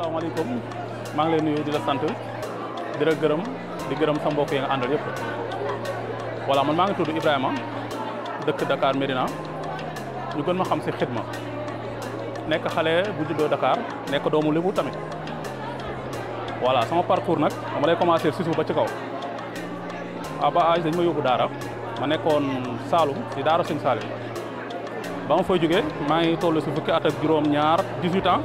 asalaamaaleykum maa ngi lay nuyu di la sant di gërëm di gërëm sa mbokk yi nga àndal yëpp voilà man maa ngi tudd Ibrahima dëkk Dakar Médina ñu gën ma xam si xidma nekk xale bu juddoo Dakar nekk doomu Lebu tamit voilà sama parcours nag dama lay commencer si suuf ba ci kaw à ba ma yóbbu daara ma nekkoon Saalum si daara Sëñ Saalim ba ma maa ngi toll si fukki juróom ñaar 18 ans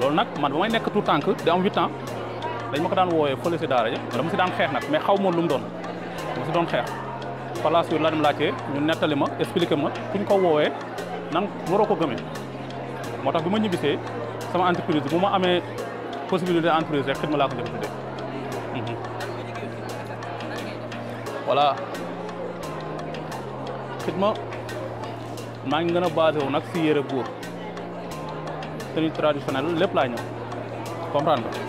loolu nag man ba may nekk tànk di am huit ans ma ko daan woowee fële si daara ja dama si daan xeex nag mais xaw ma lu mu doon dama si doon xeex par la suite la dem laajte ñu nettali ma expliqué ma fu ñu ko woowee nan waroo ko gëmee moo tax bi ma ñibbisee sama entreprise bu ma amee possibilité entreprise rek xidma laa ko njëkk tuddee mhm. voilà xidma maa ngi gën a basé wu nag si yére góor tenue traditionnelle lépp laa ñëw comprendre nga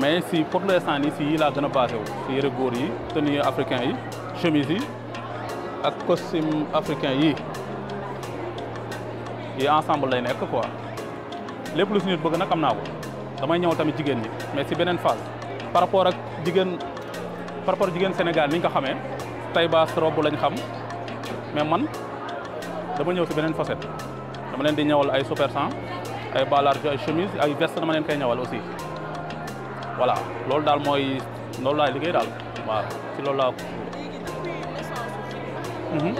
mais si pour l'instant nii si yi laa gën a basé wu si yëre góor yi tenue africain yi chemise yi ak costume africain yi yi ensemble lay nekk quoi lépp lu si bëgg nag am naa ko damay ñëw tamit jigéen ñi mais si beneen phase par rapport ak jigéen par rapport jigéen Sénégal ni ñu ko xamee tay baas robe lañ xam mais man dama ñëw si beneen facette dama leen di ñëwal ay super 100 ay bas large ay chemise ay veste dama leen koy ñawal aussi voilà loolu daal mooy loolu laay liggéey daal waaw ci loolu laa mhm.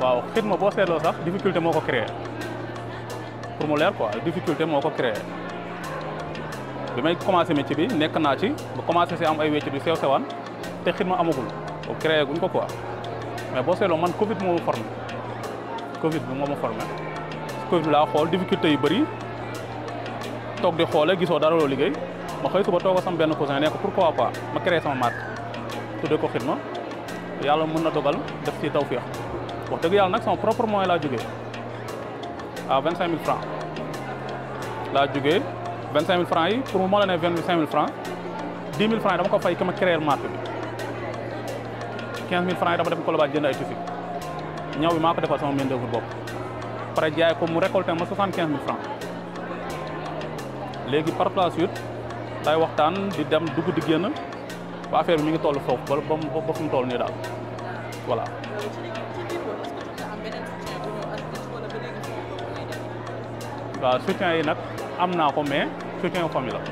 waaw xidma boo seetloo sax difficulté moo ko créé pour mu leer quoi difficulté moo ko créé bi may commencé métier bi nekk naa ci ba commencé si am ay wécc bi sew sewaan te xidma amagul créé guñ ko quoi mais boo seetloo man Covid moo formé Covid bi moo ma formé Covid bi laa xool difficulté yu bëri toog di xoolee gisoo dara loo liggéey ma xëy suba toog sama benn cousin ne ko pourquoi pas ma créé sama marque tuddee ko Xidma yàlla mën na dogal def ci tawféex wax dëgg yàlla nag sama propre moyen laa jógee à vingt cinq mille francs laa jógee vingt cinq mille francs yi pour mu moo la ne vingt cinq mille francs dix mille francs yi dama ko fay ki ma créé marque bi quinze mille ñaw bi maa ko sama main d'œuvre bopp pare jaay ko mu récolté ma soixante quinze mille franc léegi par la suite day waxtaan di dem dugg di génn ba affaire bi mi ngi toll foofu ba ba mu ba mu toll nii daal voilà. waaw yi nag am naa ko mais soutien famille la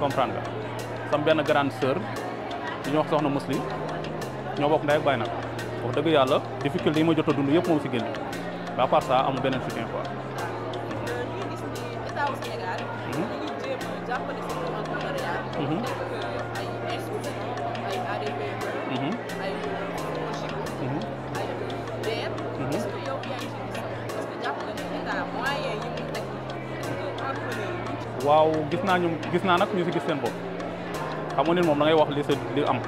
comprendre nga sama benn grande sœur ñu wax soxna muslim ñoo bokk ndey ak baay nag. wax dëgg yàlla difficulté yi ma jot a si génn mais à part ça amul beneen soutien quoi. waaw gis naa ñu gis naa nag ñu si gis seen bopp xam nga moom da ngay wax li sa am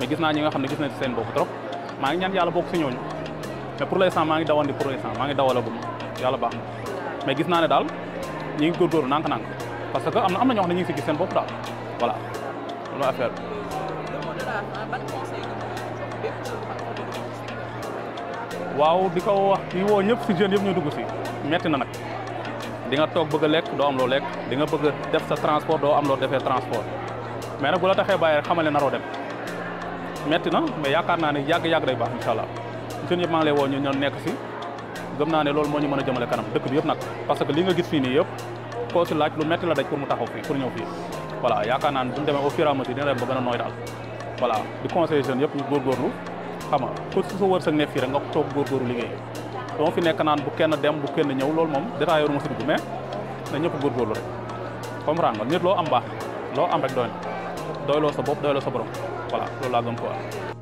mais gis naa ñi nga xam ne gis nañ si seen bopp trop. maa ngi ñaan yàlla bokk si ñooñu mais pour l'instant maa ngi dawandi pour l'instant maa ngi bu yàlla baax mais gis naa ne daal ñi ngi góorgóorlu nànk-nànk parce que am na am na ñoo xam ne ñu ngi si gis seen bopp daal voilà loolu affaire waaw di ko wax di woo ñëpp si jeunes yëpp ñu dugg si metti na nag di nga toog bëgg a lekk doo am loo lekk di nga bëgg a def sa transport doo am loo defee transport mais nag bu la taxee bàyyi rek xamale naroo dem metti na mais yaakaar naa ne yàgg-yàgg day baax incha allah jeunes yëpp maa ngi ñu ñoo nekk si gëm naa ne loolu moo ñu mën a jëmale kanam dëkk bi yëpp nag parce que li nga gis fii nii yëpp koo si laaj lu metti la daj pour mu taxaw fii pour ñëw fii voilà yaakaar naa ne bu ñu demee au fur dina dem ba gën nooy daal voilà di conseiller yëpp ñu góorgóorlu xam nga ku si sa wërsëg nekk fii nga toog góorgóorlu liggéey donc fi nekk naan bu kenn dem bu kenn ñëw loolu moom détaillé wu ma si dugg mais na ñëpp góorgóorlu loo am baax loo am doyloo sa bopp doyloo sa borom voilà loolu laa gëm